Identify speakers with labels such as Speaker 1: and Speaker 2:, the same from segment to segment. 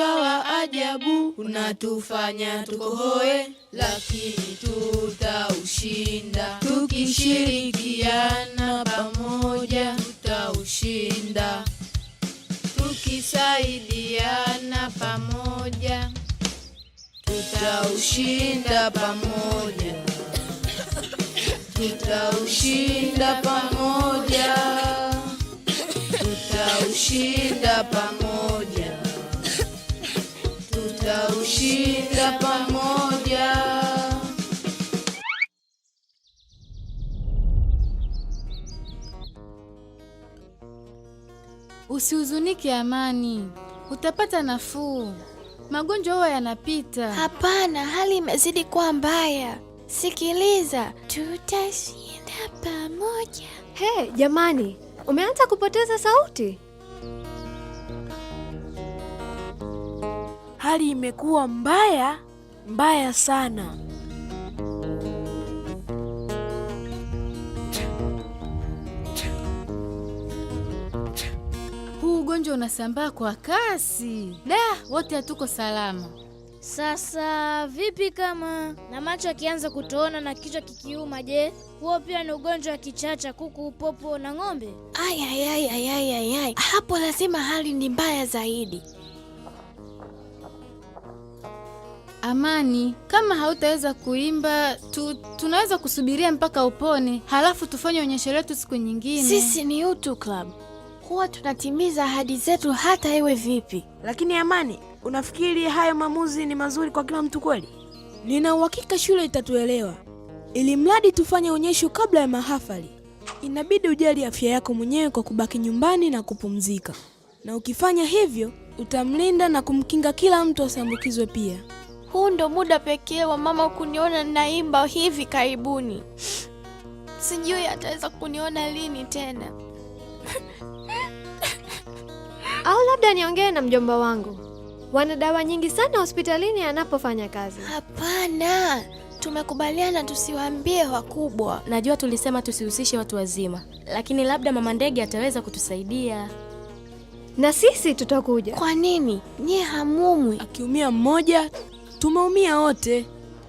Speaker 1: Ugonjwa wa ajabu unatufanya tukohoe, lakini tutaushinda. Tukishirikiana pamoja, tutaushinda. Tukisaidiana pamoja, tutaushinda pamoja, tutaushinda pamoja, tutaushinda pamoja.
Speaker 2: Usihuzunike Amani, utapata nafuu. Magonjwa huwa yanapita.
Speaker 3: Hapana, hali imezidi kuwa mbaya. Sikiliza, tutashinda pamoja.
Speaker 4: He, jamani, umeanza kupoteza sauti.
Speaker 2: Hali imekuwa mbaya mbaya sana. Ugonjwa unasambaa kwa kasi. Da, wote hatuko salama.
Speaker 5: Sasa vipi kama na macho akianza kutoona na kichwa kikiuma, je, huo pia ni ugonjwa wa kichaa cha kuku, upopo na ng'ombe?
Speaker 6: Ayayayayayayay, hapo lazima hali ni mbaya zaidi.
Speaker 7: Amani, kama hautaweza kuimba tu, tunaweza kusubiria mpaka upone, halafu tufanye onyesho letu siku nyingine.
Speaker 8: Sisi ni utu club kuwa tunatimiza ahadi zetu hata iwe vipi.
Speaker 9: Lakini Amani, unafikiri hayo maamuzi ni mazuri kwa kila mtu kweli?
Speaker 10: Nina uhakika shule itatuelewa, ili mradi tufanye onyesho kabla ya mahafali. Inabidi ujali afya yako mwenyewe kwa kubaki nyumbani na kupumzika, na ukifanya hivyo utamlinda na kumkinga kila mtu asiambukizwe. Pia
Speaker 3: huu ndo muda pekee wa mama kuniona naimba hivi karibuni. Sijui ataweza kuniona lini tena.
Speaker 4: Au labda niongee na mjomba wangu, wana dawa nyingi sana hospitalini anapofanya kazi.
Speaker 3: Hapana, tumekubaliana tusiwaambie wakubwa.
Speaker 4: Najua tulisema tusihusishe watu wazima, lakini labda mama ndege ataweza kutusaidia na sisi tutakuja.
Speaker 3: Kwa nini nyie hamumwi?
Speaker 10: Akiumia mmoja, tumeumia wote.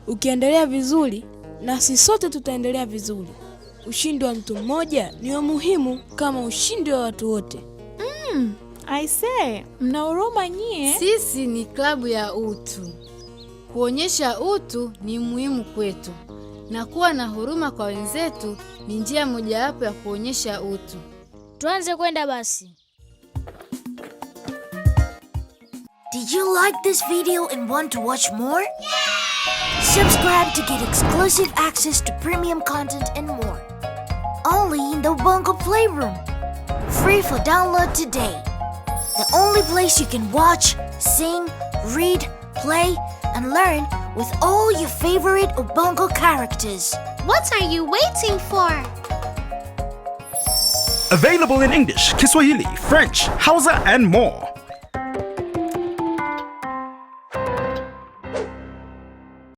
Speaker 10: Ukiendelea vizuri, nasi sote tutaendelea vizuri. Ushindi wa mtu mmoja ni wa muhimu kama ushindi wa watu wote.
Speaker 2: mm. Aisee, mna huruma nyie.
Speaker 8: Sisi ni klabu ya utu. Kuonyesha utu ni muhimu kwetu, na kuwa na huruma kwa wenzetu ni njia mojawapo ya kuonyesha utu.
Speaker 5: Tuanze kwenda basi. Did you like this video and want to watch more? Yeah! Subscribe to get exclusive access to premium content and more. Only in the Bongo Playroom. Free for download today. the only place you can watch, sing, read, play, and learn with all your favorite Ubongo characters. What are you waiting for? Available in English, Kiswahili, French, Hausa, and more.